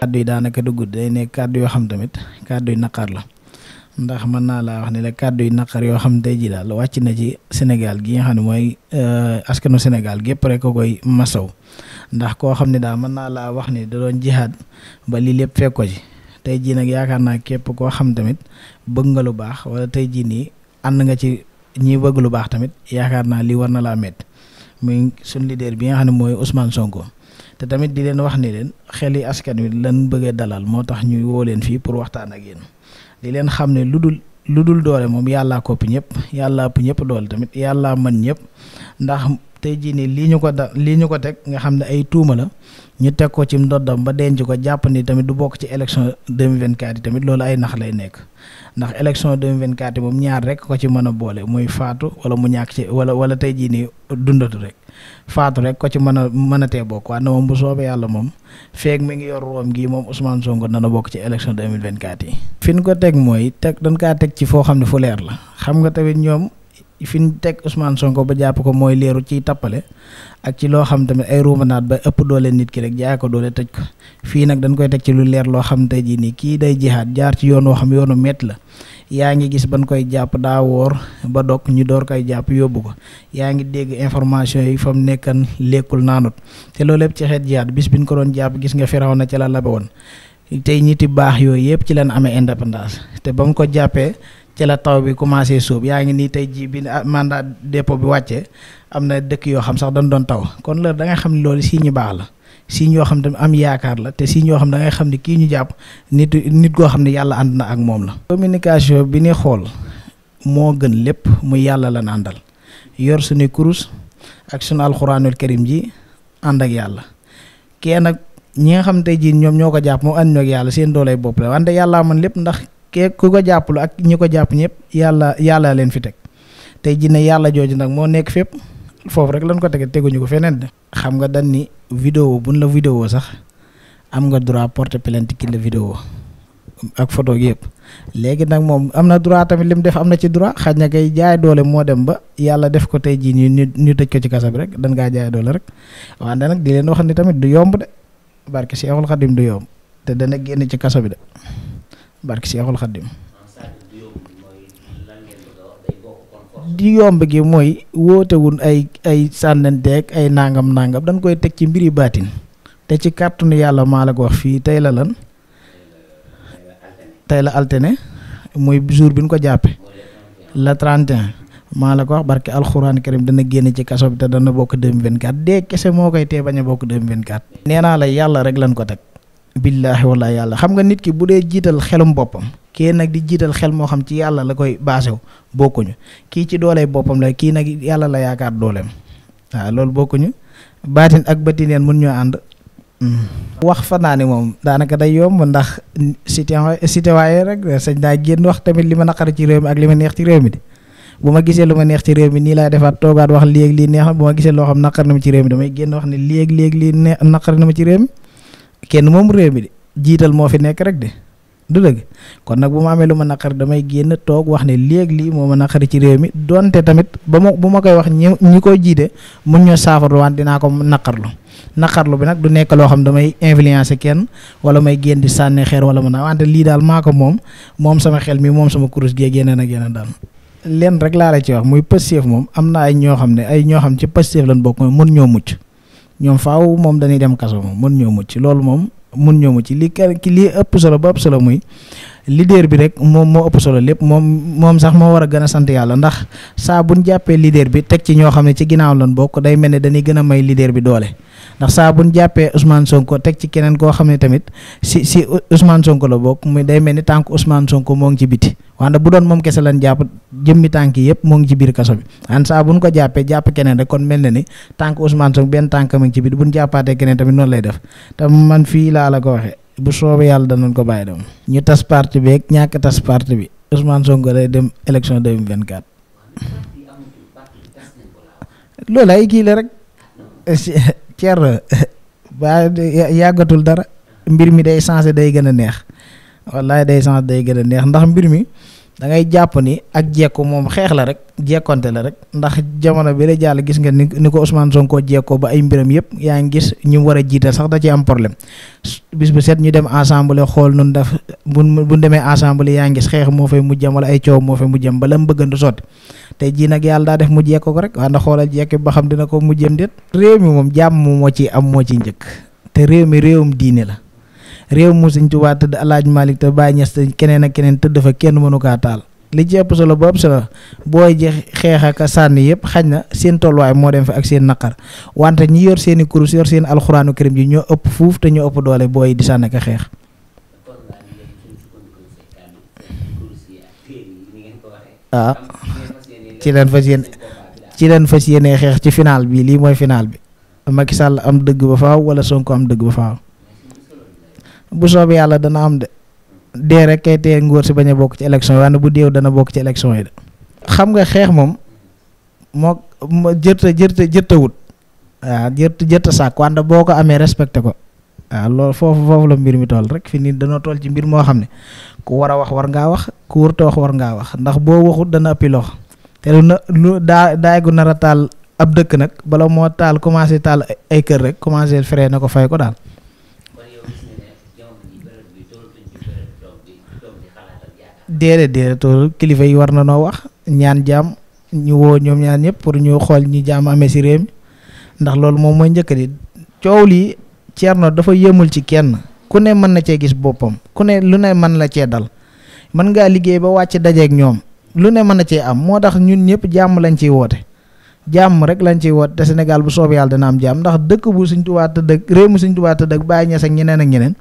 kàddu yi daanaka dugg day ne kàddu yoo xam tamit kàddu yu naqar la ndax mën naa laa wax ne la kàddu yu naqar yoo xam tey ji daal wàcc na ci Sénégal gi nga xam ne mooy euh, askanu Sénégal gépp rek ko koy masaw ndax koo xam ne daal mën naa laa wax ni da doon ba lii lépp fekk ko tey jii nag yaakaar naa képp koo xam tamit bëgg nga lu baax wala tey jii nii ànd nga ci ñi bëgg lu baax tamit yaakaar naa lii war na laa métti muy suñ leader bi nga xam ne mooy usmaan Sonko. te tamit di leen wax ni leen xel yi askan wi lan bëggee dalal moo tax ñuy woo leen fii pour waxtaan ak yéen di leen xam ne lu dul lu dul doole moom yàllaa kopp ñëpp yàlla ëpp ñëpp doole tamit yàllaa man ñëpp ndax tey jii nii lii ñu ko da lii ñu ko teg nga xam ne ay tuuma la ñu teg ko ci ndoddam ba denc ko jàpp ni tamit du bokk ci élection 2024 yi tamit loolu ay nax lay nekk ndax élection 2024 yi moom ñaar rek ko ci mën a boole muy faatu wala mu ñàkk ci wala wala tey jii nii dundatu rek faatu rek ko ci mën a mën a tee bokk waaye moom bu soobee yàlla moom feeg mi ngi yor room gii moom Ousmane Sonko dana bokk ci élection 2024 yi. fi ñu ko teg mooy teg dañ kaa teg ci foo xam ne fu leer la fi ñu teg Ousmane Sonko ba jàpp ko mooy leeru ciy tappale ak ci loo xam tamit ay ruumanaat ba ëpp doole nit ki rek jaay ko doole tëj ko fii nag dañ koy teg ci lu leer loo xam tey jii nii kii day jihaat jaar ci yoon woo xam yoonu métti la yaa ngi gis ban koy jàpp daa woor ba dog ñu door koy jàpp yóbbu ko yaa ngi dégg information yi fa mu nekkan lekkul naanut te loolu yëpp ci xeet jihaat bis bi nu ko doon jàpp gis nga firaw na ci la labe woon tey ñiti baax yooyu yëpp ci leen amee indépendance te ba mu ko jàppee ci la taw bi commencé soob yaa ngi nii tey jii bi ah, mandat dépôt bi wàccee am na dëkk yoo xam sax dañ doon taw kon loolu da xam ne loolu si ñu baax la si yoo xam ne am yaakaar te si ñoo xam da ngay xam ne kii ñu jàpp nit nit koo xam ne yàlla ànd ak moom la. communication bi ni xool moo gën lépp mu yàlla la àndal yor suñu kurus ak suñu alxuraanul karim ji ànd ak yàlla kenn nag ñi nga xam tey jii ñoom ñoo ko jàpp moo ànd ñoo yàlla seen doolay bopp la wante yàllaa man lépp ndax. ke ko ko jàppalu ak ñi ko jàpp ñëpp yàlla yàlla leen fi teg tey jii ne yàlla jooju nag moo nekk fépp foofu rek lañ ko tege teguñu ko feneen de. xam nga dañ ni vidéo buñ la vidéo sax am nga droit porter plainte ki la vidéo ak foto yëpp léegi nag moom am na droit tamit lim def am na ci droit xaj na kay jaay doole moo dem ba yàlla def ko tey jii nii ñu ñu tëj ko ci kasa bi rek dan ngaa jaay doole rek wante nag di leen wax ni tamit du yomb de barke Seexul Xadim du yomb te dana génn ci kaso bi de. barke Seexul Xaddim di yomb gi mooy wóotewun ay ay sànnanteeg ay nangam nangam dañ koy teg ci mbiri baatin te ci kàttanu yàlla maa la ko wax fii tey la lan tey la altine mooy jour bi ñu ko jàppe la 31 maa la ko wax barke alxuraan karim dana génn ci kaso bi te dana bokk 2024 dee kese moo koy tee bañ a bokk 2024. nee naa la yàlla rek lañ ko teg. billaahi wallaahi yàlla xam nga nit ki bu dee jiital xelum boppam kii nag di jiital xel moo xam ci yàlla la koy baasew bokkuñu kii ci dooley boppam la kii nag yàlla la yaakaar dooleem waaw loolu bokkuñu baatin ak batineen mun ñoo ànd hmm. wax fa naa ne moom daanaka day yomb ndax citoyen citoyen rek sañ naa génn wax tamit li ma naqari ci réew mi ak li ma neex ci réew mi di bu ma gisee lu ma neex ci réew mi nii laay defaat toogaat wax léeg lii neex na bu ma gisee loo na ma ci réew mi na ci réew kenn moom réew mi de jiital moo fi nekk rek de du dëgg kon nag bu ma amee lu ma naqari damay génn toog wax ne léegi lii moo ma naqari ci réew mi donte tamit ba ma bu ma koy wax ñi ñi koy jiite mun ñoo saafaru waan dinaa ko naqarlu naqarlu bi nag du nekk loo xam damay influencer kenn wala may génn di sànni xeer wala ma naa wante lii daal maa ko moom moom sama xel mii moom sama kurus gee yeneen ak yeneen daal. lenn rek laa la ci wax muy Pastef moom am na ñoo xam ne ay ñoo xam ci Pastef lañ bokk mun ñoo mucc. ñoom faaw moom dañuy dem kaso moom mën ñoo mucc loolu moom mën ñoo mucc li kenn ki lii ëpp solo ba ëpp solo muy leader bi rek moom moo ëpp solo lépp moom moom sax moo war a gën a sant yàlla ndax saa buñ jàppee leader bi teg ci ñoo xam ne ci ginnaaw lan bokk day mel ne dañuy gën a may leader bi doole ndax saa buñ jàppee Ousmane Sonko teg ci keneen koo xam ne tamit si si Ousmane Sonko la boo muy day mel ni tànk Ousmane Sonko moo ngi ci biti wante bu doon moom kese lañ jàpp jëmmi tànk yi yëpp moo ngi ci biir kaso bi an saa buñ ko jàppee jàpp keneen rek kon mel na ni tànk Ousmane Sonko benn tànk mu ngi ci biti buñ jàppaatee keneen tamit noonu lay def te man fii laa la ko waxee bu soobee yàlla da danañ ko bàyyi dem ñu tas parti bi ak ñàkk tas parti bi Ousmane Sonko day dem élection 2024 loolu Thierno ba yàggatul dara mbir mi day changé day gën a neex wallaay day changé day gën a neex ndax mbir mi da ngay jàpp ni ak jekko moom xeex la rek jekkonte la rek ndax jamono bi la jàll gis nga ni ni ko Ousmane Sonko jekkoo ba ay mbiram yëpp yaa ngi gis ñu war a jiital sax da ci am problème bis bu set ñu dem assemblée xool nun daf bu bu demee assemblée yaa ngi xeex moo fay mujjam wala ay coow moo fay mujjam ba la mu bëgg du sotti. tey jii nag yàlla daa def mu jekk ko rek waaye na xoolal jekk ba xam dina ko mujjëm déet réew mi moom jàmm moo ci am moo ci njëkk te réew mi réewum diine la réew mu Sëñ Tuubaa tëdd Alaaji Maalik te Baay Ñas te keneen ak keneen tëdd fa kenn mënu kaa taal li ci ëpp solo boobu solo booy ji xeex ka sànni yëpp xaj na seen tolluwaay moo dem fa ak seen naqar wante ñi yor seeni i kurus yor seen alxuraanu karim ji ñoo ëpp fuuf te ñoo ëpp doole booy di sànni ak xeex. ci leen fas yéene ci leen fas yéene xeex ci final bii lii mooy final bi Macky Sall am dëgg ba faaw wala Sonko am dëgg ba faaw bu soobee yàlla dana am de dee rek kay tee ngóor si bañ a bokk ci élection yi waaye bu déew dana bokk ci élection yi de xam nga xeex moom moo jërta jërta jërta wut waaw jërta jërta sàkk wante boo ko amee respecté ko waaw lool foofu foofu la mbir mi tool rek fi nii danoo toll ci mbir moo xam ne ku war a wax war ngaa wax ku te lu na lu daa daay gu nar a taal ab dëkk nag bala moo taal commencé taal ay kër rek commencé frais na ko fay ko daal. déedéet déedéet tool kilifa yi war na noo wax ñaan jaam ñu woo ñoom ñaan ñëpp pour ñu xool ñi jaam amee si réew mi ndax loolu moom mooy njëkk di coow lii Thierno dafa yëmul ci kenn ku ne mën na cee gis boppam ku ne lu ne mën la cee dal mën ngaa liggéey ba wàcc dajeek ñoom. lu ne mën a cee am moo tax ñun ñëpp jàmm lañ ciy woote jàmm rek lañ ciy woote te Sénégal bu soobee yàlla dana am jàmm ndax dëkk bu Sëñ Tuubaa tëddëg réew mu Sëñ Tuubaa tëddëg bàyyi ñes ak ñeneen ak ñeneen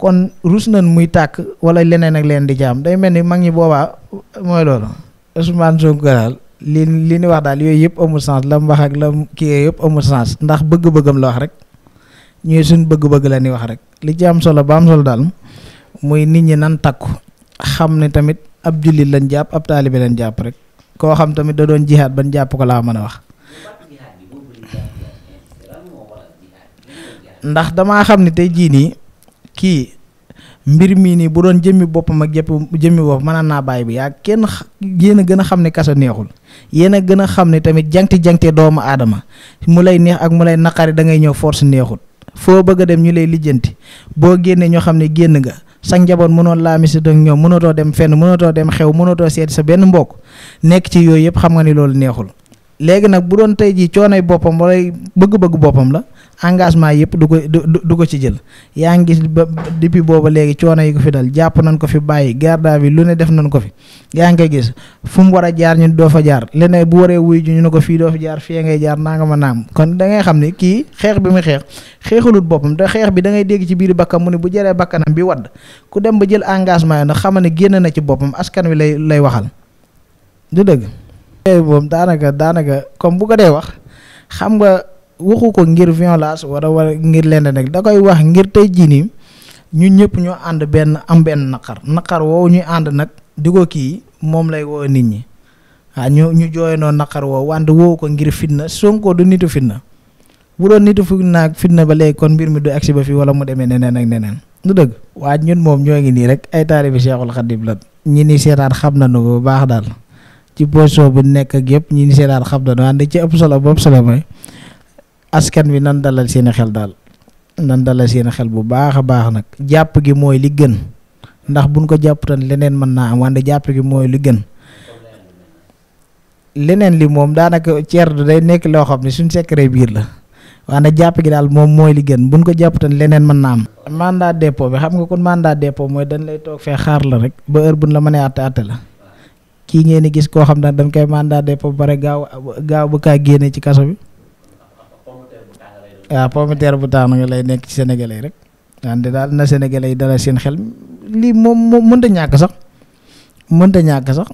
kon rus nañ muy tàkk wala leneen ak leen di jàmm day mel ni mag ñi boobaa mooy loolu Ousmane Sonko daal li li ni wax daal yooyu yëpp amul la mu wax ak la kii yëpp amul sens ndax bëgg-bëggam la wax rek suñ bëgg-bëgg la ni wax rek li ci solo baam solo daal muy nit ñi nan takku xam ne tamit ab jullit lañ jàpp ab taalibe lañ jàpp rek koo xam tamit da doon jihaat ban jàpp ko laa mën a wax ndax damaa xam ne tey jii nii kii mbir mii nii bu doon jëmmi boppam ak jëpp jëmmi bopp mën naa bàyyi bi yaa kenn yéen a gën a xam ne kaso neexul yéen a gën a xam ne tamit jangti jangte doomu aadama mu lay neex ak mu lay naqari da ngay ñëw force neexul foo bëgg a dem ñu lay lijjanti boo génnee ñoo xam ne génn nga sa njaboot mënoon laa misi ak ñoom mënatoo dem fenn mënatoo dem xew mënatoo seet sa benn mbokk nekk ci yooyu yëpp xam nga ni loolu neexul léegi nag bu doon tey jii coonay boppam wala bëgg-bëgg boppam la engagement yëpp du ko du ko ci jël yaa ngi gis ba depuis booba léegi coono yi ko fi dal jàpp nañ ko fi bàyyi garda bi lu ne def nañ ko fi yaa ngi koy gis fu mu war a jaar ñu doo fa jaar leneen bu waree wuy ju ñu ne ko fii doo fa jaar fii ngay jaar naa nga ma naam kon dangay ngay xam ne kii xeex bi mu xeex xeexalut boppam te xeex bi da ngay dégg ci biir bakkan mu ne bu jaree bakkanam bi wadd ku dem ba jël engagement ndax xam ne génn na ci boppam askan wi lay lay waxal du dëgg yooyu moom daanaka daanaka comme bu ko dee wax xam nga waxu ko ngir violence wala wala ngir lenn nag da koy wax ngir tey jii nii ñun ñëpp ñoo ànd benn am benn naqar naqar woowu ñuy ànd nag di ko kii moom lay woo nit ñi waaw ñu ñu jooyandoo naqar woowu wante woowu ko ngir fitna Sonko du nitu fitna bu doon nitu fitna ak fitna ba léegi kon mbir mi du agsi ba fii wala mu demee neneen ak neneen. du dëgg waa ñun moom ñoo ngi nii rek ay taalibi Cheikhul Khadim ñi ni xam nañu ko baax daal. ci position bu nekk ak yëpp ñi ñu seetaan xam na waaye ci ëpp solo boobu solo mooy askan wi nan dalal seeni xel daal nan dalal seeni xel bu baax a baax nag jàpp gi mooy li gën ndax buñ ko jàppatan leneen mën naa am jàpp gi mooy li gën leneen li moom daanaka ceerdu day nekk loo xam ne suñ secret biir la ne jàpp gi daal moom mooy li gën buñ ko jàppatan leneen mën naa am. mandat dépôt bi xam nga kon mandat dépôt mooy dañ lay toog fee xaar la rek ba heure buñ la mënee àtte àtte la. kii ngeen di gis koo xam ne dañ koy mandat de bu pare gaaw gaaw bu kaa génne ci kaso bi. waaw pomiteer bu tàng nga lay nekk ci sénégalais rek. wante daal na sénégalais yi dara seen xel lii moom moom mënta ñàkk sax mënta ñàkk sax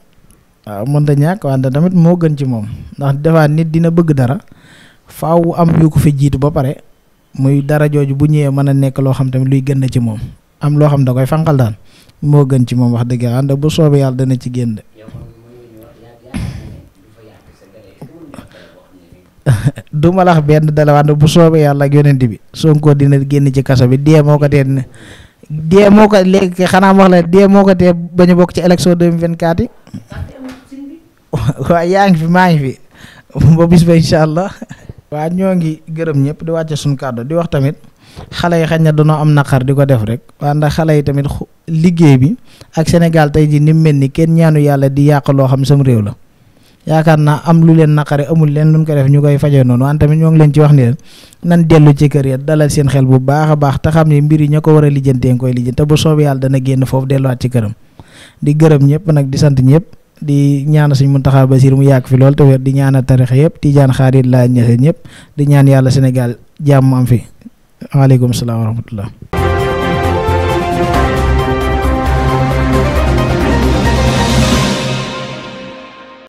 waaw mënta ñàkk wante tamit moo gën ci moom ndax defaat nit dina bëgg dara faaw am yu fi jiitu ba pare muy dara jooju bu ñëwee mën a nekk loo xam tamit luy gën na ci moom am loo xam da koy fanqal daan moo gën ci moom wax dëgg yàlla bu soobee yàlla dana ci génn. du malax benn dalawaan bu soobee yàlla ak yonent bi Sonko dina génn ci kaso bi dee moo ko tee dee moo ko léegi xanaa wax la dee moo ko tee ba ñu bokk ci élection 2024 yi waaw yaa ngi fi maa ngi fi ba bis ba incha allah. waa ñoo ngi gërëm ñëpp di wàcce suñu kàddu di wax tamit xale yi xañ na danoo am naqar di ko def rek waa ndax xale yi tamit liggéey bi ak Sénégal tey jii ni mu mel ni kenn ñaanu yàlla di yàq loo xam sam réew la. yaakaar naa am lu leen naqare amul leen lu ñu ko def ñu koy fajee noonu wante tamit ñoo ngi leen ci wax ni leen nan dellu ci kër ya dalal seen xel bu baax a baax te xam ne mbir yi ña ko war a lijjantee nga koy lijjante bu soobee yàlla dana génn foofu delluwaat ci këram di gërëm ñëpp nag di sant ñëpp di ñaana suñ Muntaxa Basiir mu yàgg fi lool te di ñaana tarix yëpp tijaan xaarit laa ñese ñëpp di ñaan yàlla senegal jàmm am fi waaleykum salaam wa